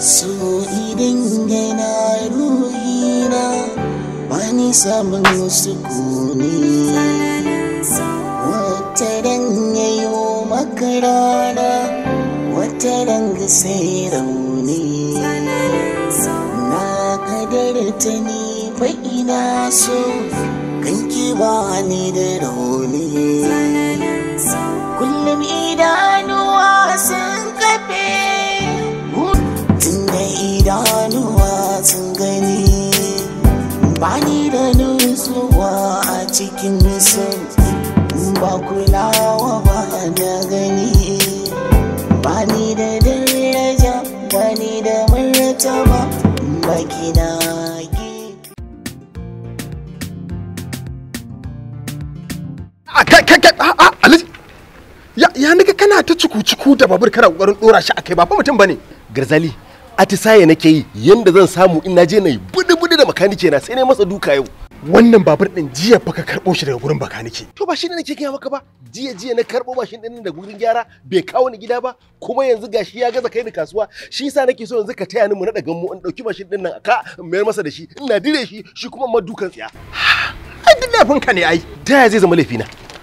so idan gaina ruhina wani samun kone, wata ran yayo maka rana wata ran sai rauni na kadarta ni fa ina so kan ki ba ni da rauni cikin son ba kulawa ba na gani ba ni da daraja ba ni da martaba ba kina ah, ah, ah, ya nika kana ta cuku-cuku da babur kana kokarin dora shi akai ba fa mutum bane garzali atisaye nake yi yanda zan samu in naje na yi budu-budu da makanike na sai ne masa duka yau wannan babur din jiya fa ka karbo shi daga gurin bakanike to ba shi ne nake gaya maka ba jiya jiya na karbo mashin din daga gurin gyara bai kawo ni gida ba kuma yanzu gashi ya gaza kai ni kasuwa shi yasa nake so yanzu ka taya ni mu na daga mu in dauki mashin din nan ka mayar masa da shi ina dire shi shi kuma ma dukan tsiya ai din laifin ka ne ai da zai zama laifina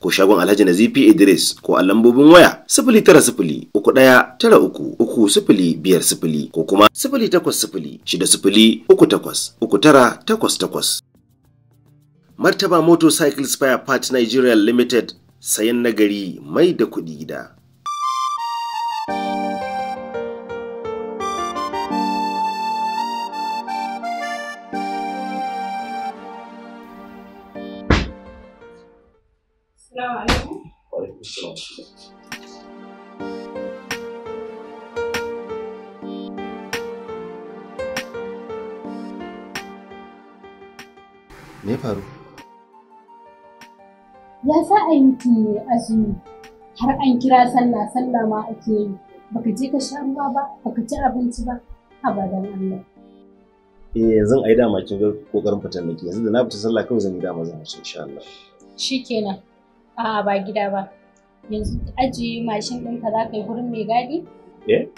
ko shagon Alhaji Nazifi Idris ko a lambobin waya sifili tara sifili uku ɗaya tara uku uku sifili biyar sifili ko kuma sifili takwas sifili shida sifili uku takwas uku tara takwas takwas. Martaba Motorcycle Spare Part Nigeria Limited sayan nagari mai da kuɗi gida. faru? Ya sa a yi mutum azumi har an kira sallah sallah ma ake yi baka je ka sha ruwa ba baka ci abinci ba abadan Allah. Eh yanzu ai dama kin ga kokarin fitar nake yanzu da na fita sallah kawai zan yi dama zan shi insha Allah. Shikenan. A'a ba gida ba. Yanzu ajiye mashin ɗinka za ka yi gurin mai gadi? Eh.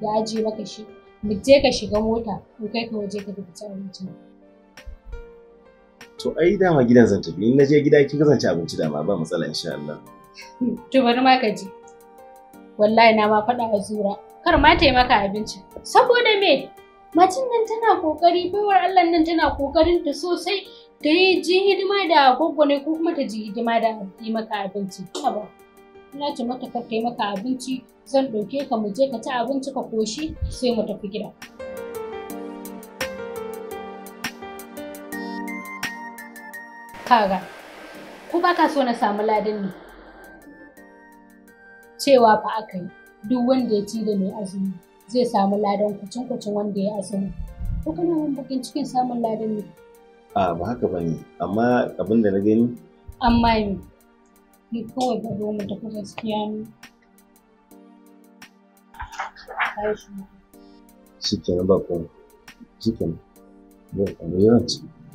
Ya ajiye maka shi. Mu je ka shiga mota in kai ka waje ka fita abincin. To ai dama gidan zan tafi in na je gida kin kasance abinci dama ba matsala insha Allah. Hmm, to bari ma ka ji. Wallahi na ma faɗa a zura. Kar ma ta maka abinci. Saboda me? Macin nan tana kokari baiwar Allah nan tana kokarin ta sosai ta yi ji hidima da goggo ne ko kuma ta ji hidima da yi maka abinci. Haba. ina ce mata kar ta yi maka abinci zan ɗauke ka mu je ka ci abinci ka koshi sai mu tafi gida. kaga ko ba ka so na samu ladan ne cewa fa aka yi duk wanda ya ci da mai azumi zai samu ladan kucin kucin wanda ya azumi ko kana wani bakin cikin samun ladan ne a ba haka ba ne amma abin da na gani amma ni ni kawai ba zo mu tafi gaskiya ne shi kenan ba kuma shi kenan zai kamar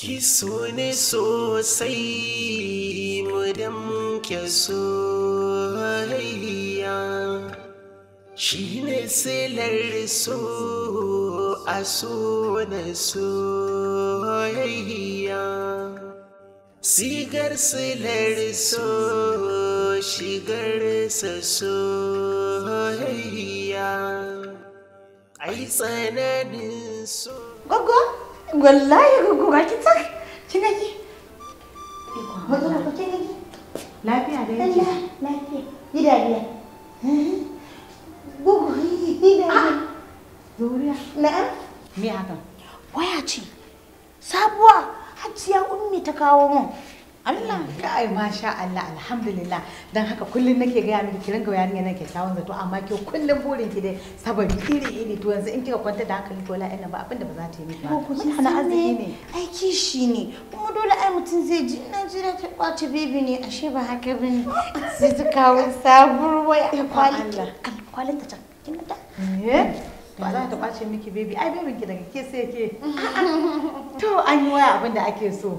ki so ne sosai mu so soyayya shi ne silar so a so na soyayya sigar silar so shigar sa hayya ai tsananin so Gogo? wallahi guguga ki tsak kin ga ki matsala ko kin ga ki lafiya dai lafiya lafiya yi dariya gugu yi dariya doriya ah! na'am me haka waya ce sabuwa hajiya ummi ta kawo mun Allah kai masha Allah alhamdulillah dan haka kullun nake gaya miki kiran ga yarinya nake kyakkyawan zato amma ke kullun burin ki dai saboda iri iri to yanzu in kika kwanta da hankali to la ina ba abinda ba za ta yi miki ba mun hana azumi ne ai shi ne kuma dole ai mutum zai ji ina jira ta kwace baby ne ashe ba haka bane sai ta kawo sabuwar waya kwalita ta ta kin ta ba za ta kwace miki baby ai babin ki daga ke sai ke mm. to an yi waya abinda ake so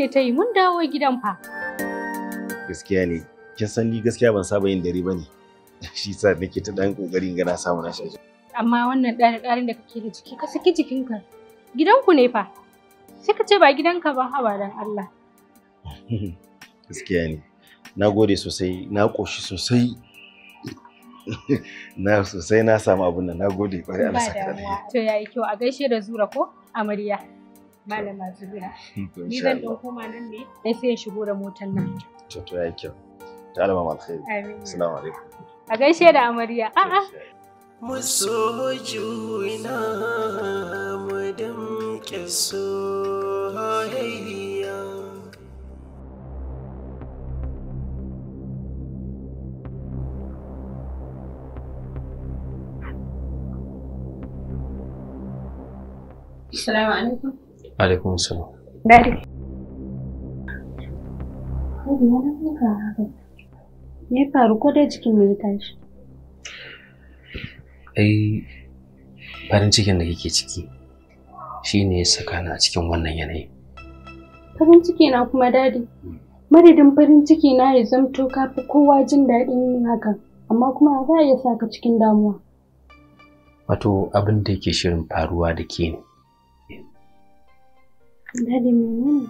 kake ta yi mun dawo gidan fa. Gaskiya ne, kin san ni gaskiya ban saba yin dare ba ne. Shi sa nake ta dan kokarin gana samu na shaji. Amma wannan ɗari ɗarin da kake da jiki ka saki jikinka. ku ne fa. Sai ka ce ba gidanka ba haba dan Allah. Gaskiya ne. Na gode sosai, na ƙoshi sosai. na sosai na samu abun nan, na gode ƙwarai Allah saka da To yayi kyau a gaishe da Zura ko amarya. malama zubira ni zan ɗan koma nan ne dan sai shigo da motar nan to to kyau ta alama alaikum a gaishe da amarya a'a muso juna mu damke Assalamu alaikum. alaikum salam dadi ya faru ko dai jikin ne tashi ai farin cikin da kike ciki shine ya saka na a cikin wannan yanayi farin ciki na kuma dadi madadin farin ciki na ya zamto ka fi kowa jin daɗin yin hakan amma kuma za a iya saka cikin damuwa wato abin da yake shirin faruwa da ke ne Dadi menene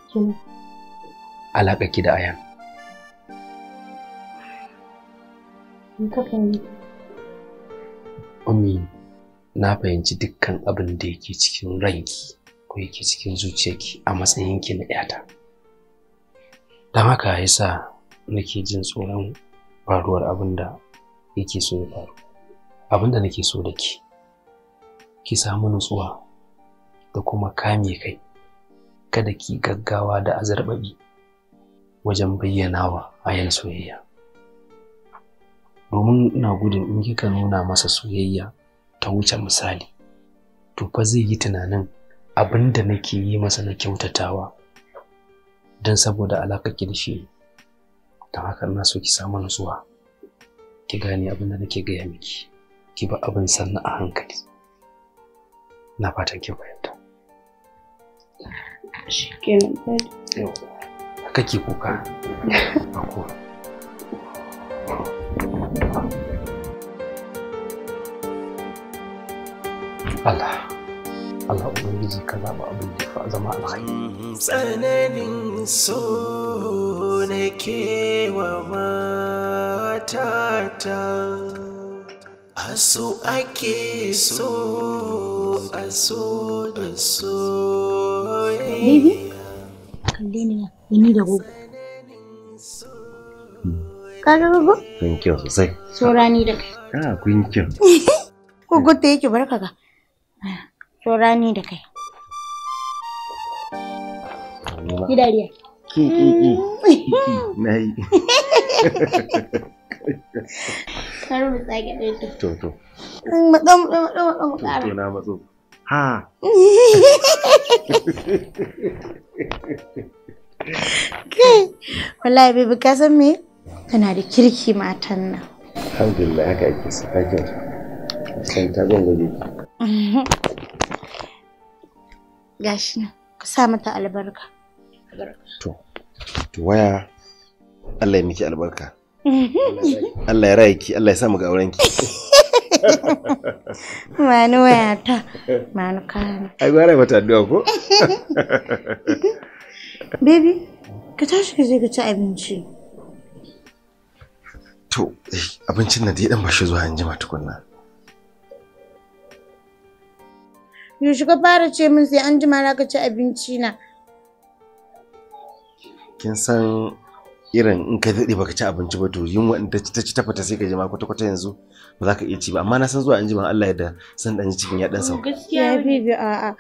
Alaƙa ki da Ayan. Me ka na fahimci dukkan abin da yake cikin ranki ko yake cikin zuciyarki a matsayinki na ƴata. Don haka ya yasa nake jin tsoron faruwar abin da yake so ya faru. Abin da nake so da ki, ki samu nutsuwa da kuma kame kai. kada ki gaggawa da azarbabi wajen bayyanawa hayan soyayya domin ina gudun in kika nuna masa soyayya ta wuce misali to fa zai yi tunanin abin da nake yi masa na kyautatawa don saboda alaƙa da shi don haka ina so ki samu nutsuwa ki gane abin da nake gaya miki ki ba abin sannu a hankali na fatan ki fahimta shi kake kuka ba Allah Allah Ubangiji ka zaba abin da ya zama alhaji. Mm, tsananin so na kewa matata. aso ake so aso da so kalle ni da gogo sora da kai ah kun kyau ta yake barka sora da kai ki ki ki ki mm. na yi karo mu tsage ɗaya to. To to. Matsa mm, matsa matsa matsa mu ƙara. To na matso. Ha. Kai. Wallahi baby ka san me? Tana da kirki matan nan. Alhamdulillah haka ake sa hakin. Sai ta gwangwaje. Mhm. Gashi nan. Ka sa mata albarka. To. To waya Allah ya miki albarka. Allah ya raya ki, Allah ya samu ga ki. Manu wayata, manu kana. Ai gwara mata addu'a ko? Baby, ka tashi ka je ka ci abinci. To, eh, abincin nan dai dan bashi zuwa anjima tukunna. Yaushe ka fara ce min sai anjima na ka ci abinci na. Kin san irin in ka daɗe baka ci abinci ba to yin wanda ta ci tafata sai ka je ma kwata kwata yanzu ba za ka iya ci ba amma na san zuwa an ji Allah ya da san dan cikin ya dan sauka gaskiya bibi a a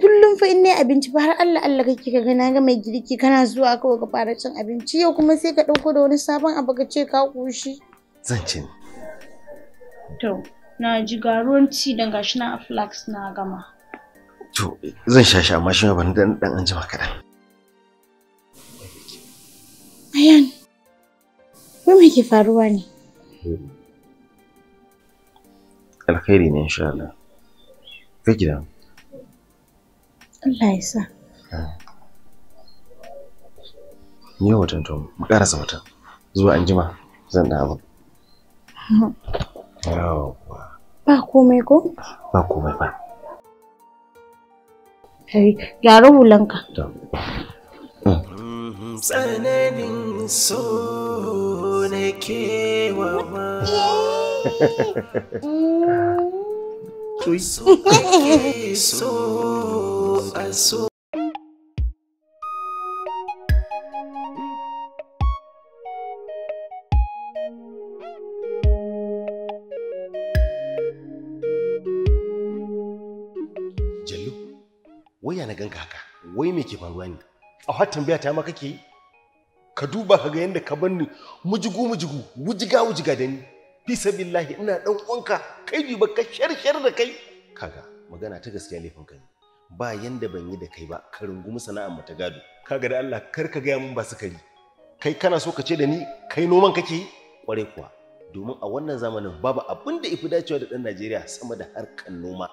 kullum fa in ne abinci ba har Allah Allah kake ka ga na ga mai girki kana zuwa kawai ka fara cin abinci yau kuma sai ka dauko da wani sabon abu ka ce ka kushi zan ci to na ji garuwan ci dan gashi na aflax na gama to zan sha shi amma shi ba dan dan an ji kaɗan. Ayan, ko me ke faruwa ne? Alkhairi ne insha Allah. Ka gida. Allah ya sa. Ni watan to mu karasa wata. Zuwa anjima zan da abu. Ba komai ko? Ba komai ba. Yaro gyara hulanka. tsananin so na kewa ma so so a so Jallu, waya na ganka haka, wai me ke faruwa ne? A har tambaya ta ma kake yi? ka duba ka ga yadda ka banni mujigu mujigu wujiga wujiga da ni fi sabillahi ina dan uwanka kai bi baka shar da kai kaga magana ta gaskiya laifin kai. ne ba yanda ban yi da kai ba ka rungumi sana'ar mu ta gado kaga da Allah kar ka gaya mun ba sukari kai kana so ka ce da ni kai noman kake yi kwarai kuwa domin a wannan zamanin babu abin da ifi dacewa da ɗan Najeriya sama da harkar noma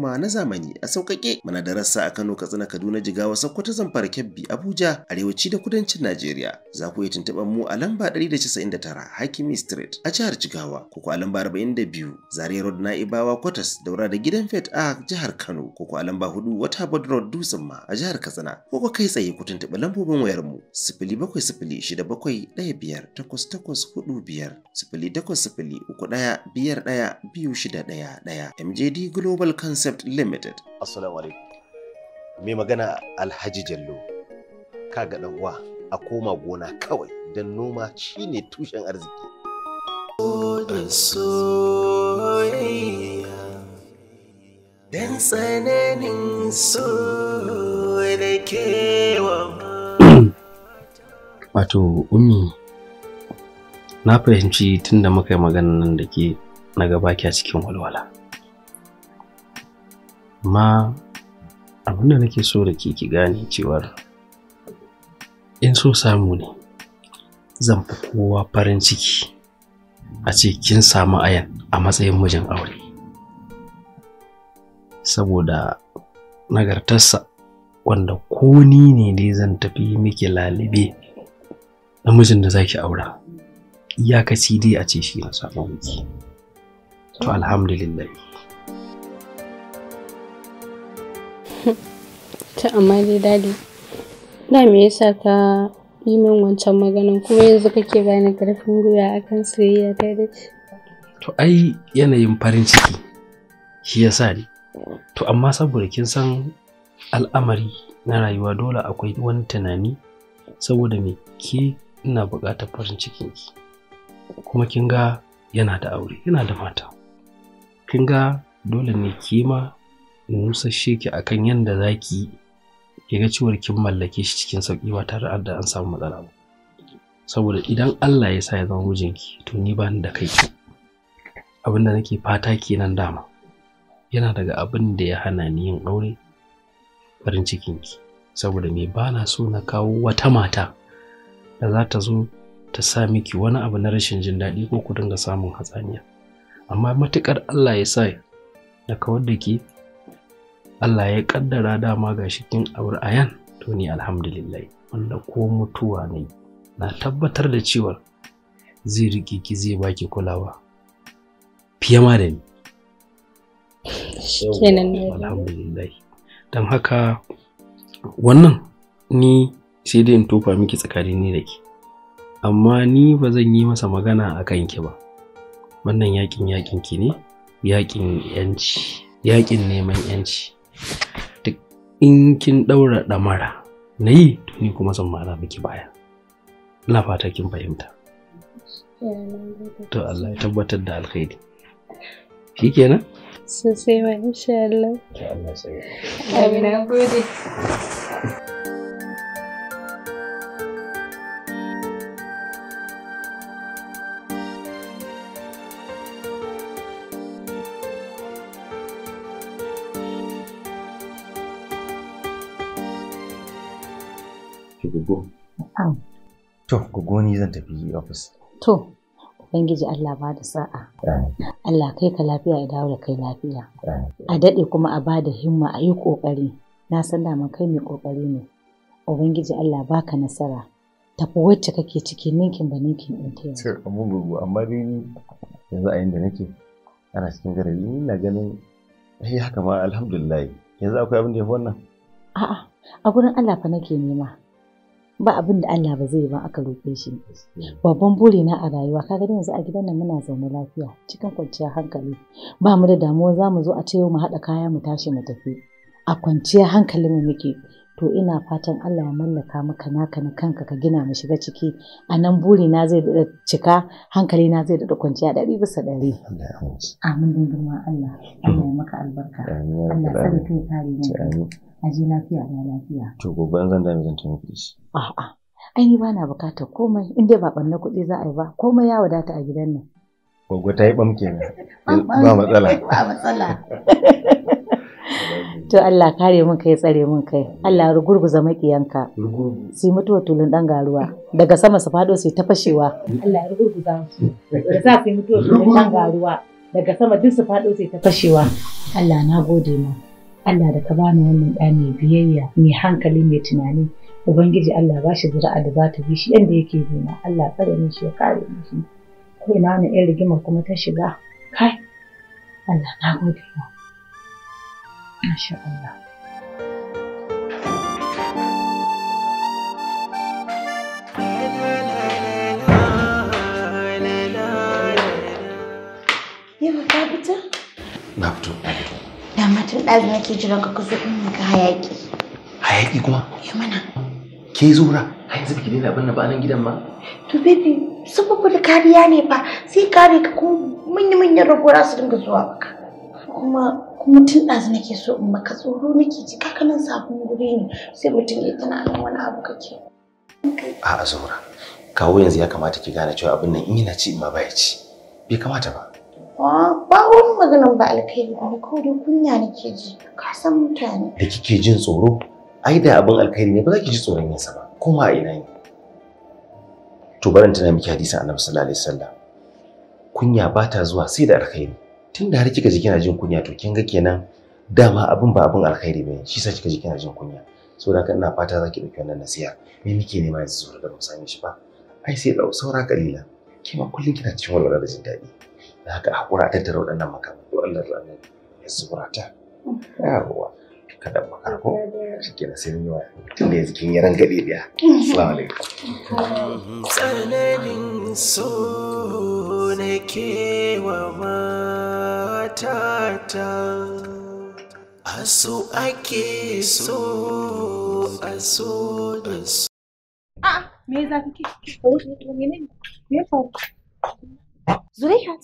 noma na zamani a sauƙaƙe mana da rassa a Kano Katsina Kaduna Jigawa Sokoto Zamfara Kebbi Abuja arewaci da kudancin Najeriya za ku iya tuntuɓar mu a lamba da 199 Hakimi Street a jihar Jigawa ko a lamba biyu. Zaria Road Naibawa Kwatas daura da gidan Fet a jihar Kano ko a lamba 4 Waterboard Road Dutsen ma a jihar Katsina ko kai tsaye ku tuntuɓi lambobin wayar mu takwas 0800 uku ɗaya biyar ɗaya biyu shida ɗaya ɗaya MJD Global Concept Concept Limited. Assalamu alaikum. Mai magana Alhaji Jallo. Kaga dan uwa a koma gona kawai dan noma shine tushen arziki. Dan tsananin so da kewa Wato, Ummi, na fahimci tun da muka yi maganan nan da ke na gaba a cikin walwala. amma abinda nake so da ke ki gane cewar in so samu ne zan fi kowa farin ciki a ce kin samu ayan a matsayin mijin aure saboda nagartarsa wanda ko ni ne dai zan tafi miki lalibe namijin da za ki aura iyakaci dai a ce shi na samu wiki to alhamdulillah ta amma dai dadi da me yasa ka yi min wancan maganan kuma yanzu kake bani karfin gwiwa akan soyayya ta da to ai yanayin farin ciki shi yasa ne to amma saboda kin san al'amari na rayuwa dole akwai wani tunani saboda me ke ina buƙatar farin cikin ki kuma kin ga yana da aure yana da mata kin ga dole ne ki ma musa ki akan yadda za ki ga cewar kin mallake shi cikin sauƙi ba tare da an samu matsala ba saboda idan Allah ya sa ya zama mijinki to ni ba ni da kai abin da nake fata kenan dama yana daga abin da ya hana ni yin aure farin cikin ki, saboda me ba na so na kawo wata mata da za ta zo ta sa miki wani abu na rashin jin daɗi ko ku dinga samun hatsaniya amma matuƙar Allah ya sa na kawar da ke Allah ya kaddara dama ga shikin aure ayan to ni alhamdulillah wanda ko mutuwa ne na tabbatar da cewa zai rike ki zai baki kulawa fiye ma da ni alhamdulillah don haka wannan ni sai dai in tofa miki tsakanin ni da ki amma ni ba zan yi masa magana a ki ba wannan yakin yakin ki ne yakin yanci yakin neman yanci duk in kin ɗaura ɗamara na yi to ni kuma zan mara miki baya ina fata kin fahimta to Allah ya tabbatar da alkhairi shi kenan sosai ma insha Allah Allah ya gode To, ku goni zan tafi ofis. To, Ubangiji Allah ba da sa'a. Allah kai ka lafiya ya dawo da kai lafiya. A daɗe kuma a ba da himma a yi ƙoƙari. Na san dama kai mai ƙoƙari ne. Ubangiji Allah baka nasara. Tafi wacce kake ciki ninkin ba ninkin ɗin ta yau. Sai mun gugu amma dai yanzu a yanda nake ana cikin garari ni na ganin "Ai, haka ma alhamdulillah yanzu akwai abin da ya fi wannan. A'a a gurin Allah fa nake nema. ba abin da Allah ba zai ba aka roƙe shi babban burina a rayuwa kaga da yanzu a gidan nan muna zaune lafiya cikin kwanciyar hankali ba mu da damuwa za mu zo a ce mu haɗa kaya mu tashi mu tafi a kwanciyar hankali mu muke to ina fatan Allah ya mallaka maka naka na kanka ka gina mu shiga ciki a nan burina zai da cika hankali na zai daɗa kwanciya ɗari bisa ɗari amin din girma Allah Allah ya maka albarka Allah ya sani kai kare mu aje lafiya da lafiya. To gobe an zan dami zan taimaki kuɗi. A'a, ai ni bana bukatar komai in dai ba ɓanna kuɗi za a yi ba komai ya wadata a gidan nan. Gogo ta yi ɓam kenan. Ba matsala. Ba matsala. To Allah kare mun kai tsare mun kai. Allah rugurguza maƙiyanka. Su yi mutuwa tulun ɗan garuwa. Daga sama su faɗo su ta fashewa. Allah rugurguza su. Da za su mutuwa tulun ɗan garuwa. Daga sama duk su faɗo su ta fashewa. Allah na gode mu. Allah da ka bani wannan ɗa mai biyayya mai hankali mai tunani Ubangiji Allah ba shi zira'a da za ta bi shi yadda yake nuna Allah tsare ni shi ya kare ni shi ko ina wani ɗan rigimar kuma ta shiga kai Allah na gode ma Masha Allah na tun ɗazu nake jiran ka ka zo in ka hayaƙi. Hayaƙi kuma? Ya eh, mana. Ke zura? Ai yanzu biki daina abin da ba nan gidan ma? To baby, saboda kariya ne fa sai kare ka kuma manya-manyan ragora su dinga zuwa maka. Kuma kuma tun ɗazu ke so in maka tsoro nake ji kakanin sabon wuri ne sai mutum ya tana nan wani abu kake. A'a Zura, kawo yanzu ya kamata ki gane cewa abin nan in yana ci in ma ya ci. Bai kamata ba. ba wani maganin ba alkhairi ba kawai da kunya nake ji ka san mutane da kike jin tsoro ai da abin alkhairi ne ba za ki ji tsoron yinsa ba kuma a ina ne to barin tana miki hadisin annabi sallallahu alaihi wasallam kunya ba ta zuwa sai da alkhairi tunda har kika ji kina jin kunya to kin ga kenan dama abin ba abin alkhairi bane shi sa kika ji kina jin kunya saboda haka ina fata za ki ɗauki wannan nasiha me muke nema yanzu zuwa da mu same shi ba ai sai ɗau saura kalila kima kullum kina cikin walwala da jin daɗi da haka hakura ta tara waɗannan makamai to Allah ya annabi ya zubura ta yawa kada ba karko shike na sai yawa tunda yanzu kin yaran gade biya assalamu alaikum tsananin so nake wa mata ta aso ake so aso da so a ah, me za ne ne Me ya faru? Zulaihat,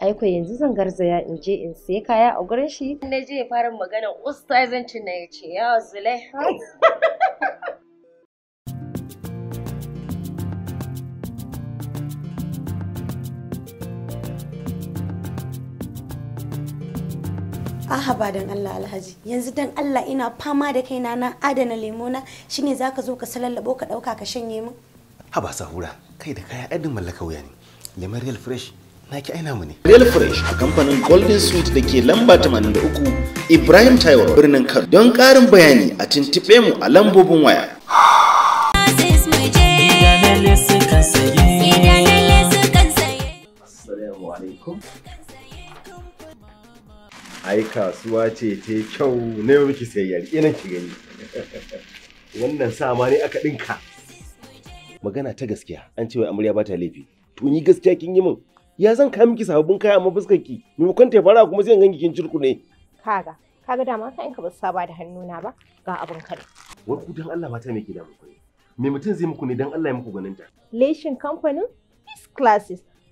aiko yanzu zan garzaya in je in sai kaya a gurin shi na je fara magana ustazanci na ya ce ya zule A haba dan Allah Alhaji yanzu dan Allah ina fama da kaina na adana lemona shine ka zo ka salallabo ka ɗauka ka shanye min Haba sahura kai da kaya ɗan mallaka wuya ne lemon real fresh naki aina mu ne real fresh a kamfanin golden sweet da ke lamba 83 ibrahim taiwo birnin kano don ƙarin bayani a tuntuɓe mu a lambobin waya ai kasuwa ce ta kyau na yau miki sayayyar ina ki gani wannan sama ne aka dinka magana ta gaskiya an ce wai amarya ba ta laifi to ni gaskiya kin yi min ya zan kai miki sababbin kaya amma fuskar ki maimakon ta fara kuma sai ganki kin cirkune kaga kaga dama ka in ka ba saba da hannuna ba ga abin kare wa ku dan Allah mata me ke da muku ne me mutum zai muku ne dan Allah ya muku ganin ta leshin kamfanin class classes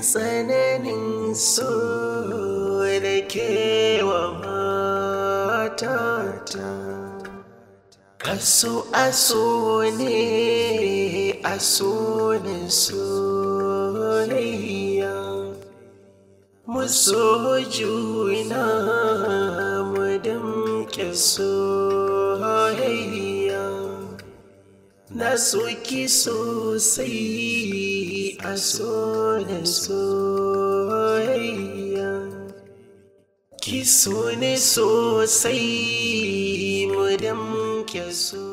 tsananin so da kewa matata kaso aso ne aso ne soyayya muso juna mu damke soyayya na ki sosai a so da soyayya ki sone sosai mu damke so